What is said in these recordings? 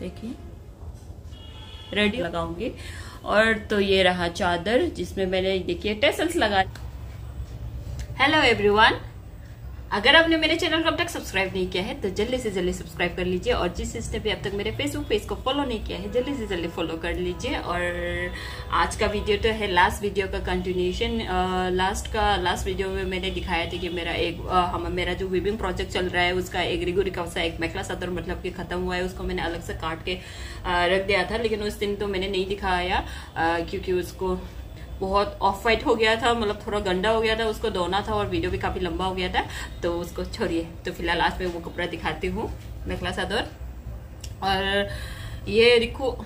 देखिए रेडी लगाऊंगी और तो ये रहा चादर जिसमें मैंने देखिए टेसल्स लगा हेलो एवरीवन अगर आपने मेरे चैनल को अब तक सब्सक्राइब नहीं किया है तो जल्दी से जल्दी सब्सक्राइब कर लीजिए और जिस जिसने भी अब तक मेरे फेसबुक पेज को फॉलो नहीं किया है जल्दी से जल्दी फॉलो कर लीजिए और आज का वीडियो तो है लास्ट वीडियो का कंटिन्यूशन लास्ट का लास्ट वीडियो में मैंने दिखाया था कि मेरा एक हम मेरा जो वीविंग प्रोजेक्ट चल रहा है उसका एक रिगोरी का एक मेखला सदर मतलब कि खत्म हुआ है उसको मैंने अलग से काट के रख दिया था लेकिन उस दिन तो मैंने नहीं दिखाया क्योंकि उसको बहुत ऑफ वाइट हो गया था मतलब थोड़ा गंदा हो गया था उसको धोना था और वीडियो भी काफ़ी लंबा हो गया था तो उसको छोड़िए तो फिलहाल आज मैं वो कपड़ा दिखाती हूँ नखला सादर और ये देखो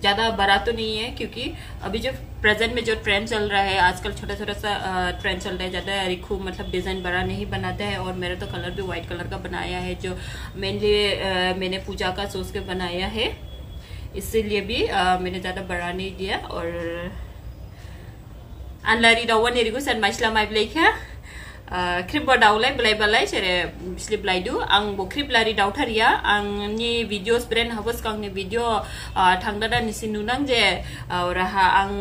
ज़्यादा बड़ा तो नहीं है क्योंकि अभी जो प्रेजेंट में जो ट्रेंड चल रहा है आजकल छोटा छोटा सा ट्रेंड चल रहा है ज़्यादा रिखू मतलब डिज़ाइन बड़ा नहीं बनाता है और मेरा तो कलर भी वाइट कलर का बनाया है जो मेनली मैंने पूजा का सोच के बनाया है इसीलिए भी आ, मैंने ज़्यादा बड़ा नहीं दिया और anlari दाउन erigu san masla mai blaika क्रिप दाउलाय बुलायबालाय जेरै स्लिप लायदु आं बख्रिब लारि दाउथारिया आंनि भिडिअस ब्रेन हाबस गांनि भिडिअ थांदादा नुनां जे राहा आं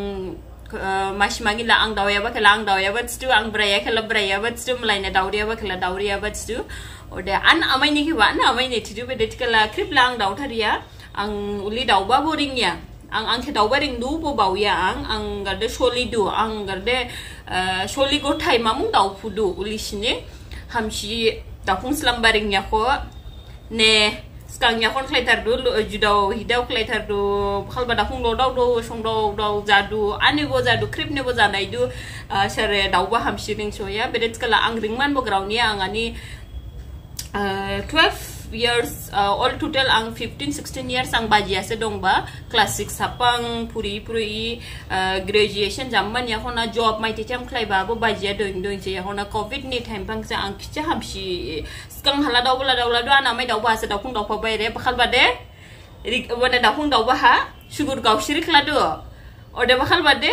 मासि मागिला आं दाउयाबा खेला आं दाउयाबा तितु आं ब्राया खेला ब्रायाबा तितु मलायना दाउरियाबा खेला दाउरियाबा तितु अदे आन आमायनि खेबा आन आमायनि तितु बेदि खेला क्रिपला आं दाउथारिया आं उलि दाउबा बोरिंनिया ang ang kheta wedding du bo bau ya ang ang ga de sholi du ang ga de eh, sholi go thai ma mung dau phu du uli shine ham shi ta phung slam baring ya ko ne skang ya kon khlai tar du ju dau hi dau khlai tar du khal ba da phung lo dau do shong dau dau za du ani go za du krip ne go za nai du eh, share dau ba ham shi ring so ya bedet kala ang ring man bo grau ni ang ani 12 eh, years uh, all total ang 15 16 years ang bajiase dongba class 6 sapang puri puri uh, graduation ya hona job mai ticham khlai babo bajia doing doing je yakhona covid ni time pang sa ang kicha hamshi skang hala daw bula daw la do ana mai daw ba sa daw khung daw pa bai bakhal ba de rik wana daw khung daw ba ha sugur gaw shirik la do ode bakhal ba de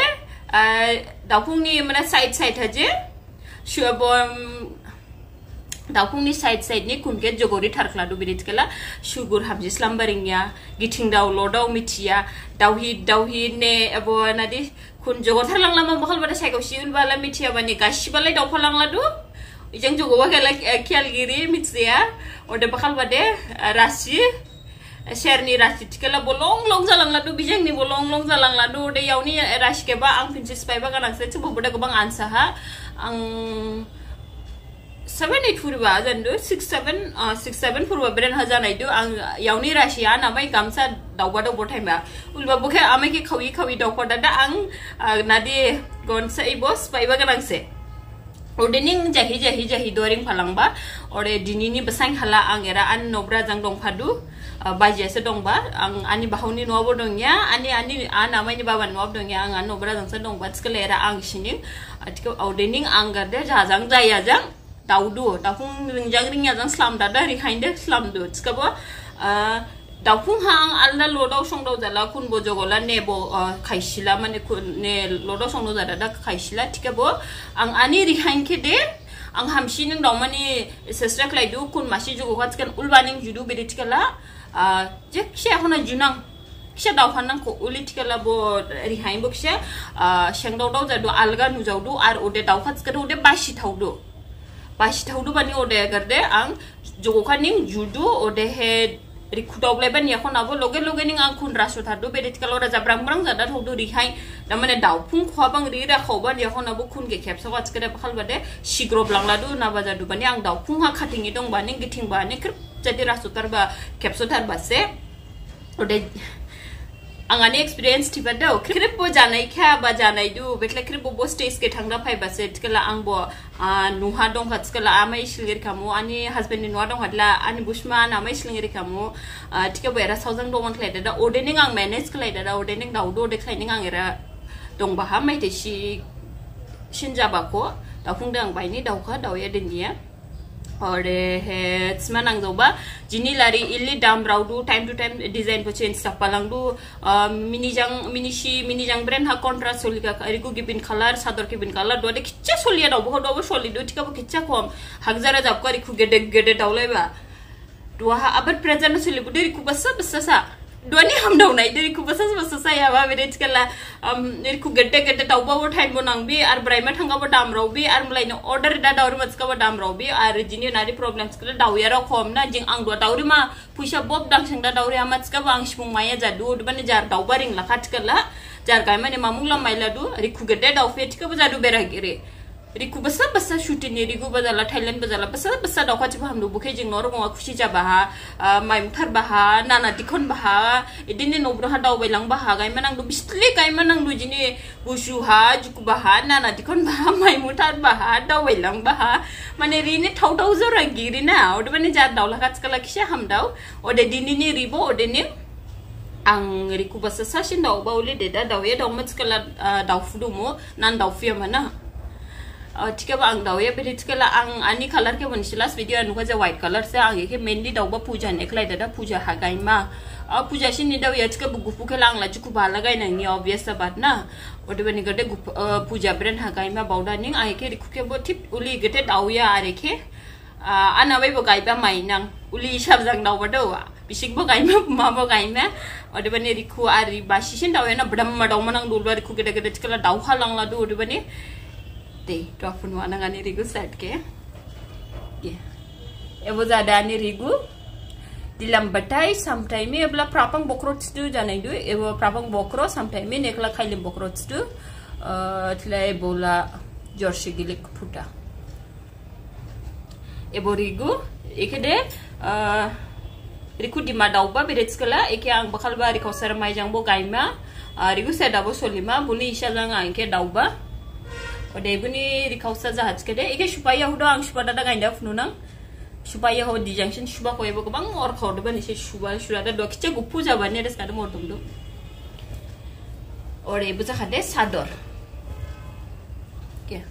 uh, daw ni mana side side aja, je bom Daupung ni side side ni kun get jogori tar kladu birit kela sugar habis lambering ya giting daw lo daw mitia daw hid daw hid ne abo nadi kun jogor tar lang lama mahal pada sai kau siun bala mitia bani kashi bala daw palang ladu ijang jogor wa kela kial giri mitia oda bakal bade rasi share ni rasi tikela bolong long zalang ladu bijang ni bolong long zalang ladu oda yau ni rasi keba ang pinjis pai baka nak sai cebu bada kubang ansaha ang seven eight फोरबा जानो six seven six seven फोरबा brain जानायदो आं यावनि राशिया नामाय गामसा दावबा दावबो टाइमा उलबा बखे आमायखे खावि खावि दावखा दादा आं नादि गनसे इबो स्पाइबा गोनांसे ordering jahi jahi jahi doring phalangba ore dinini besang hala ang era an nobra jang dong phadu baje se dongba ang ani bahuni nobo dongya ani ani an amai ni baban nob dongya ang an nobra jang se dongba skele era ang sini atiko ordering ang garde jajang jaya jang दाउदो दाउखुं रिंजां रिंजां स्लामदादा रिखाइन्दो स्लामदो थिखाबो दाउखुं हां आलदा लदाव संदाव जाला खुनबो जगला नेब खाइसिला माने ने लदाव संदाव जाला दा खाइसिला थिखाबो आं आनि रिखाइनखे दे आं हामसिनों दाउ माने सेस्रा खालायदो खुन मासि जगखा थिखान उलबानिं जुदु बेदि थिखाला जेखिया हना जुनां खिसा दावहानांखौ उलि थिखालाबो रिहाइबो खिसा सेंदाव दाव जादो आलगा नुजावदो आरो उदे दावखा थिखादो उदे बासि थावदो pasti udah bani udah kerde ang jokokan nih judu udah he rikutau leban ya kon aku loge loge nih ang kun rasu thado beres kalau raja berang berang jadar hodo rihai namanya daupun khabang rih dah khoban ya kon aku kun ke kep so wat sekarang bakal bade sigro belang lado nawa jadu bani ang daupun ha khating itu bani giting bani kerja di rasu terba kep so terba se udah angani experience tiba bado krip bo janai kha ba janai du betla krip bo stage ke thangda phai ba set kala angbo nuha dong hat kala amai shilir kamu ani husband ni nuha dong hatla ani bushman amai shilir kamu tike bo era saujang do mon kleda da odening ang manage kleda da odening da udo de klaining ang era dong ba ha mai te shi shinjaba ko da phung dang bai ni dau kha dau ya den ya ಹೊಡೆಹೆಚ್ ಮನಂಗ್ದೌಬ ಜಿನಿಲಾರಿ ಇಲ್ಲಿ ಡಾಮ್ ರಾವ್ದು time to time design ಪು change ತಪ್ಪಲಂಗ್ದು ಮಿನಿಜಂಗ್ ಮಿನಿಶಿ ಮಿನಿಜಂಗ್ ಬ್ರೆನ್ ಹಾ ಕಾಂಟ್ರಾಸ್ಟ್ ಸೊಲಿಗ ಅರಿಗು ಗಿಬಿನ್ ಕಲರ್ ಸಾದರ್ ಗಿಬಿನ್ ಕಲರ್ ದೊಡೆ ಕಿಚ್ಚ ಸೊಲಿಯ ನಾವು ಬಹು ದೊಬ ಸೊಲಿದು ಟಿಕಬ ಕಿಚ್ಚ ಕೋಮ್ ಹಗ್ಜಾರ ಜಾಬ್ಕ ಅರಿಕು ಗೆಡೆ ಗೆಡೆ ಡೌಲೈಬ ದೊಹಾ ಅಬರ್ ಪ್ರೆಸೆಂಟ್ ಸೊಲಿಬುದು ಅರಿಕು ಬಸ್ಸ ಬಸ್ಸ ಸಾ dwani hamdawnai deriku basas basasa yaba berich kala um deriku gadde gadde tauba wo time bonang bi ar braima thanga bo dam rau bi ar mulai no order da dauri mats ka bo dam rau bi ar jini nari problems kala dauya ra khom na jing ang do dauri ma puisha bob dang sang da dauri amats ka bang shmung maya ja du dban jar tauba ring la khat kala jar kai mane mamung la maila du riku gadde dau fet ka bo ja du beragire रिकु बसा बसा shooting रिकु बजाला Thailand बजाला बसा बसा दाउखा जिबो हामदो बुखे जिं नर गङा माइमथार बाहा नाना दिखन बहा इदिनो नब्रहा दावबायलां बाहा गायमा नांदो बिस्ले गायमा नांदो जिनि बुसुहा जुकु बाहा नाना दिखन बाहा माइमथार बाहा दावबायलां बाहा माने रिने थाव जरा गिरिना अद माने जा दावला खाचकला खिसे हामदाव अदे दिनिनि रिबो अदेनि ang rikubasa sa sin daw ba ulit da daw ya daw uh, matskala ठिकै आं दाउयो बेरि ठिकैला आं आनी कलर के मोनसे लास्ट भिडिअ नुखो जे व्हाइट कलर से आं एखे मेनलि दाउबा पूजा नेखला दादा पूजा हागायमा पूजा सिनि दाउ याचके गुफुखे लांला चुकु भाला गायनायनि अबभियास बात ना ओदेबनि तो गटे पूजा ब्रेन मा हागायमा बावदानि आं एखे रिखुखे बो थिप उलि गटे दाउया आरेखे आना बैबो गायबा माइनां उलि हिसाबजों दाउबा दौ बिसिकबो गायमा माबो गायमा ओदेबनि तो रिखु आ रि आरि दाउ दाउया ना ब्रह्म दाउ नां दुलबा रिखु गेदे दाउ खा दाउखा लांला दौ ओदेबनि तो te to afun wana ngani rigu setke yeah. evo zadani rigu dilam batai sometime e bla prapang bokro tsu janai du evo prapang bokro sometime ne kala khaili bokro tsu uh, e, tla e bola jorshi gilik puta evo rigu ekede uh, e, Riku di madauba bedet skala eke ang bakal ba rikau sara mai jang bo kaima, e, rigu sa dabo solima buli isha zanga ang ke dauba, odebuni rikausa jahaj kede ike supaya hudo ang supa dada gainda fununang supaya ho dijangsin suba ko ebo bang mor kau deba nise suba surada do kice gupu jabani ada sekada mor tumdo ore ibu jahade sador kia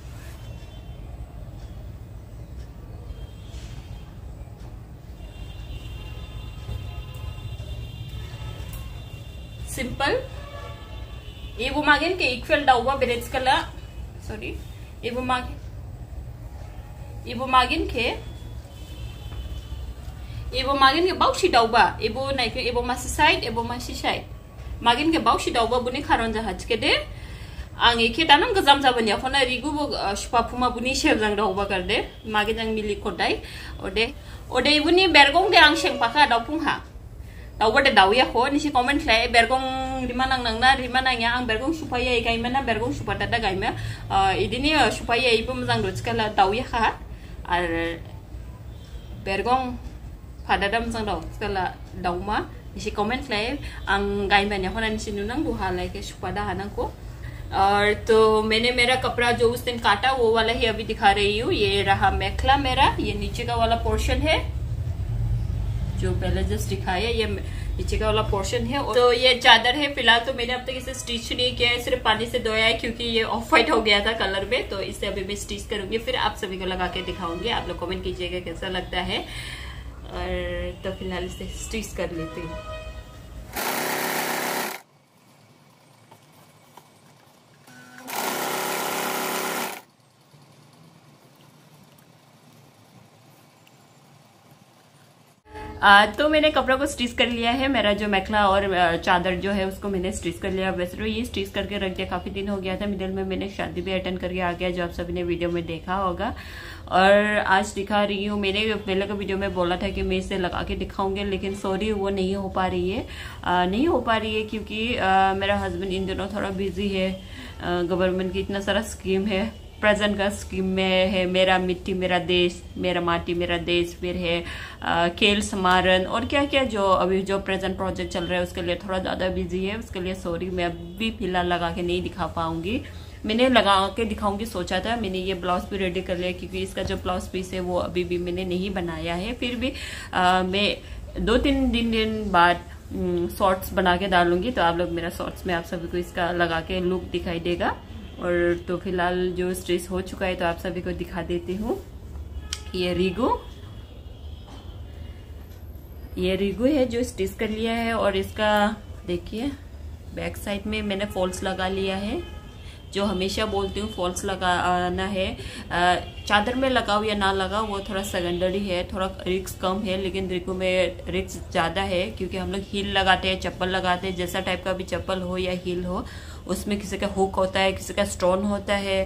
simple ibu magen ke equal dauba berets kala sorry ibumagin ibumagin ke ibu magin ke bau shidau ba ibu naik ibu masih side ibu masih side magin ke bau shidau ba buni karon jahat ke de angi ke danam gazam jaban ya khona rigu bo shpa phuma buni sheb jang dau ba kar de magin jang mili kodai ode ode ibuni bergong de ang sheng paka dau pung ha daw da dawi ako ni si comment klay bergong di mana nang na di mana nga ang bergong supaya ikay mana bergong supaya da gay ma idini supaya ibo mazang rot kala ya ka ar bergong pada dam sang daw kala daw ma ni si comment klay ang gay ma ni hona ni si nunang duha lay ke supaya da hanang ko और तो मैंने मेरा कपड़ा जो उस दिन काटा वो वाला ही अभी दिखा रही हूँ ये रहा मेखला मेरा ये नीचे का वाला पोर्शन है जो पहले जस्ट दिखाया ये नीचे का वाला पोर्शन है तो ये चादर है फिलहाल तो मैंने अब तक इसे स्टिच नहीं किया है सिर्फ पानी से धोया है क्योंकि ये ऑफ वाइट हो गया था कलर में तो इसे अभी मैं स्टिच करूंगी फिर आप सभी को लगा के दिखाऊंगी आप लोग कॉमेंट कीजिएगा कैसा लगता है और तो फिलहाल इसे स्टिच कर लेती हूँ आ, तो मैंने कपड़ा को स्टिच कर लिया है मेरा जो मैखला और चादर जो है उसको मैंने स्टिच कर लिया वैसे तो ये स्टिच करके रख दिया काफ़ी दिन हो गया था मिडिल में मैंने शादी भी अटेंड करके आ गया जो आप सभी ने वीडियो में देखा होगा और आज दिखा रही हूँ मैंने पहले का वीडियो में बोला था कि मैं इसे लगा के दिखाऊंगी लेकिन सॉरी वो नहीं हो पा रही है आ, नहीं हो पा रही है क्योंकि आ, मेरा हस्बैंड इन दिनों थोड़ा बिजी है गवर्नमेंट की इतना सारा स्कीम है प्रेजेंट का स्कीम में है मेरा मिट्टी मेरा देश मेरा माटी मेरा देश फिर है आ, खेल समारन और क्या क्या जो अभी जो प्रेजेंट प्रोजेक्ट चल रहा है उसके लिए थोड़ा ज़्यादा बिजी है उसके लिए सॉरी मैं अभी फिलहाल लगा के नहीं दिखा पाऊँगी मैंने लगा के दिखाऊंगी सोचा था मैंने ये ब्लाउज भी रेडी कर लिया क्योंकि इसका जो ब्लाउज पीस है वो अभी भी मैंने नहीं बनाया है फिर भी आ, मैं दो तीन दिन दिन बाद शॉर्ट्स बना के डालूंगी तो आप लोग मेरा शॉर्ट्स में आप सभी को इसका लगा के लुक दिखाई देगा और तो फिलहाल जो स्ट्रेस हो चुका है तो आप सभी को दिखा देती हूँ ये रिगो ये रिगो है जो स्टिच कर लिया है और इसका देखिए बैक साइड में मैंने फॉल्स लगा लिया है जो हमेशा बोलती हूँ फॉल्स लगाना है चादर में लगाओ या ना लगाओ वो थोड़ा सेकेंडरी है थोड़ा रिक्स कम है लेकिन रिगो में रिक्स ज़्यादा है क्योंकि हम लोग हील लगाते हैं चप्पल लगाते हैं जैसा टाइप का भी चप्पल हो या हील हो उसमें किसी का हुक होता है किसी का स्टोन होता है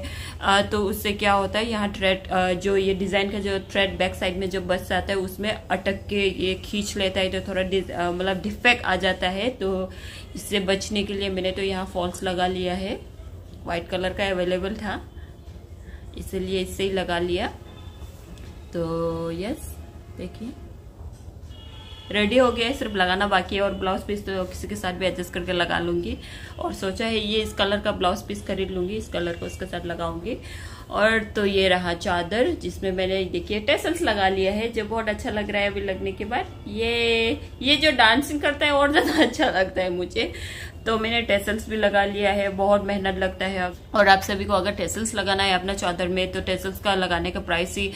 तो उससे क्या होता है यहाँ थ्रेड जो ये डिज़ाइन का जो थ्रेड बैक साइड में जो बस जाता है उसमें अटक के ये खींच लेता है तो थोड़ा मतलब डिफेक्ट आ जाता है तो इससे बचने के लिए मैंने तो यहाँ फॉल्स लगा लिया है वाइट कलर का अवेलेबल था इसलिए इससे ही लगा लिया तो यस देखिए रेडी हो गया है सिर्फ लगाना बाकी है और ब्लाउज पीस तो किसी के साथ भी एडजस्ट करके लगा लूंगी और सोचा है ये इस कलर का ब्लाउज पीस खरीद लूंगी इस कलर को उसके साथ लगाऊंगी और तो ये रहा चादर जिसमें मैंने देखिए टेसल्स लगा लिया है जो बहुत अच्छा लग रहा है अभी लगने के बाद ये ये जो डांसिंग करता है और ज़्यादा अच्छा लगता है मुझे तो मैंने टेसल्स भी लगा लिया है बहुत मेहनत लगता है और आप सभी को अगर टेसल्स लगाना है अपना चादर में तो टेसल्स का लगाने का प्राइस ही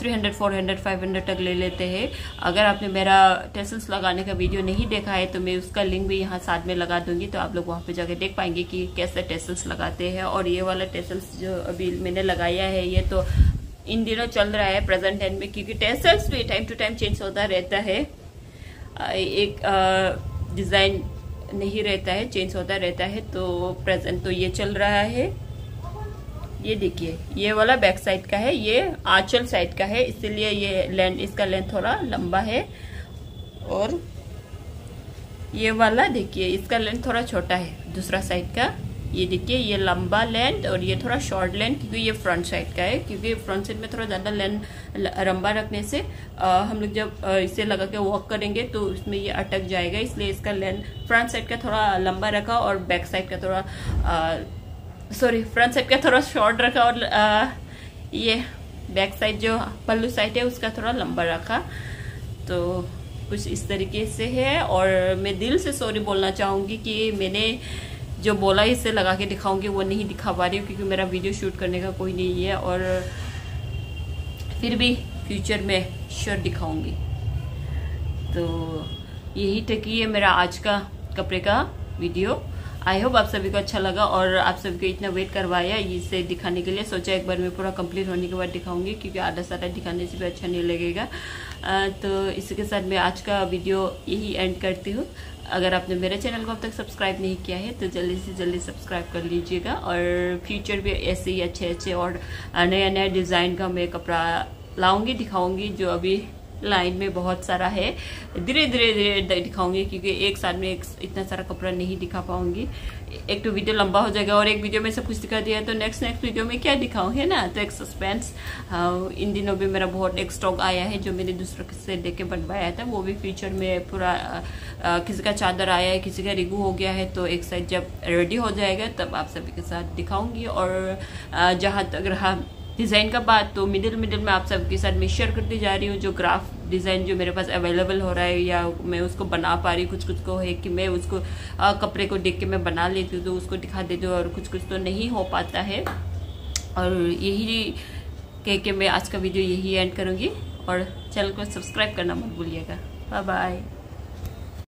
three hundred four hundred five hundred तक ले लेते हैं अगर आपने मेरा टेसल्स लगाने का वीडियो नहीं देखा है तो मैं उसका लिंक भी यहाँ साथ में लगा दूंगी तो आप लोग वहाँ पर जाकर देख पाएंगे कि कैसे टेसल्स लगाते हैं और ये वाला टेसल्स जो अभी मैंने लगाया है ये तो इन दिनों चल रहा है प्रेजेंट टाइम में क्योंकि टेसल्स भी टाइम टू टाइम चेंज होता रहता है एक डिज़ाइन नहीं रहता है चेंज होता रहता है तो प्रेजेंट तो ये चल रहा है ये देखिए ये वाला बैक साइड का है ये आंचल साइड का है इसीलिए ये लेंथ इसका लेंथ थोड़ा लंबा है और ये वाला देखिए इसका लेंथ थोड़ा छोटा है दूसरा साइड का ये देखिए ये लंबा लेंथ और ये थोड़ा शॉर्ट लेंथ क्योंकि ये फ्रंट साइड का है क्योंकि फ्रंट साइड में थोड़ा ज़्यादा लेंथ लंबा रखने से आ, हम लोग जब आ, इसे लगा के वॉक करेंगे तो इसमें ये अटक जाएगा इसलिए इसका लेंथ फ्रंट साइड का थोड़ा लंबा रखा और बैक साइड का थोड़ा सॉरी फ्रंट साइड का थोड़ा शॉर्ट रखा और आ, ये बैक साइड जो पल्लू साइड है उसका थोड़ा लंबा रखा तो कुछ इस तरीके से है और मैं दिल से सॉरी बोलना चाहूँगी कि मैंने जो बोला इसे लगा के दिखाऊंगी वो नहीं दिखा पा रही हूँ क्योंकि मेरा वीडियो शूट करने का कोई नहीं है और फिर भी फ्यूचर में श्योर दिखाऊंगी तो यही तक ये मेरा आज का कपड़े का वीडियो आई होप आप सभी को अच्छा लगा और आप सभी को इतना वेट करवाया इसे दिखाने के लिए सोचा एक बार मैं पूरा कंप्लीट होने के बाद दिखाऊंगी क्योंकि आधा सारा दिखाने से भी अच्छा नहीं लगेगा तो इसी के साथ मैं आज का वीडियो यही एंड करती हूँ अगर आपने मेरे चैनल को अब तक सब्सक्राइब नहीं किया है तो जल्दी से जल्दी सब्सक्राइब कर लीजिएगा और फ्यूचर भी ऐसे ही अच्छे अच्छे और नया नया डिज़ाइन का मैं कपड़ा लाऊंगी दिखाऊंगी जो अभी लाइन में बहुत सारा है धीरे धीरे धीरे दिखाऊंगी क्योंकि एक साथ में एक इतना सारा कपड़ा नहीं दिखा पाऊंगी एक तो वीडियो लंबा हो जाएगा और एक वीडियो में सब कुछ दिखा दिया तो नेक्स्ट नेक्स्ट वीडियो में क्या दिखाऊं है ना तो एक सस्पेंस हाँ, इन दिनों भी मेरा बहुत एक स्टॉक आया है जो मैंने दूसरों से दे के बनवाया था वो भी फ्यूचर में पूरा किसी का चादर आया है किसी का रिगू हो गया है तो एक साइड जब रेडी हो जाएगा तब आप सभी के साथ दिखाऊंगी और जहाँ तक रहा डिज़ाइन का बात तो मिडिल मिडिल में आप सबके साथ मैं शेयर करती जा रही हूँ जो ग्राफ डिज़ाइन जो मेरे पास अवेलेबल हो रहा है या मैं उसको बना पा रही कुछ कुछ को है कि मैं उसको आ, कपड़े को देख के मैं बना लेती हूँ तो उसको दिखा देती हूँ और कुछ कुछ तो नहीं हो पाता है और यही कह के मैं आज का वीडियो यही एंड करूँगी और चैनल को सब्सक्राइब करना मत भूलिएगा बाय बाय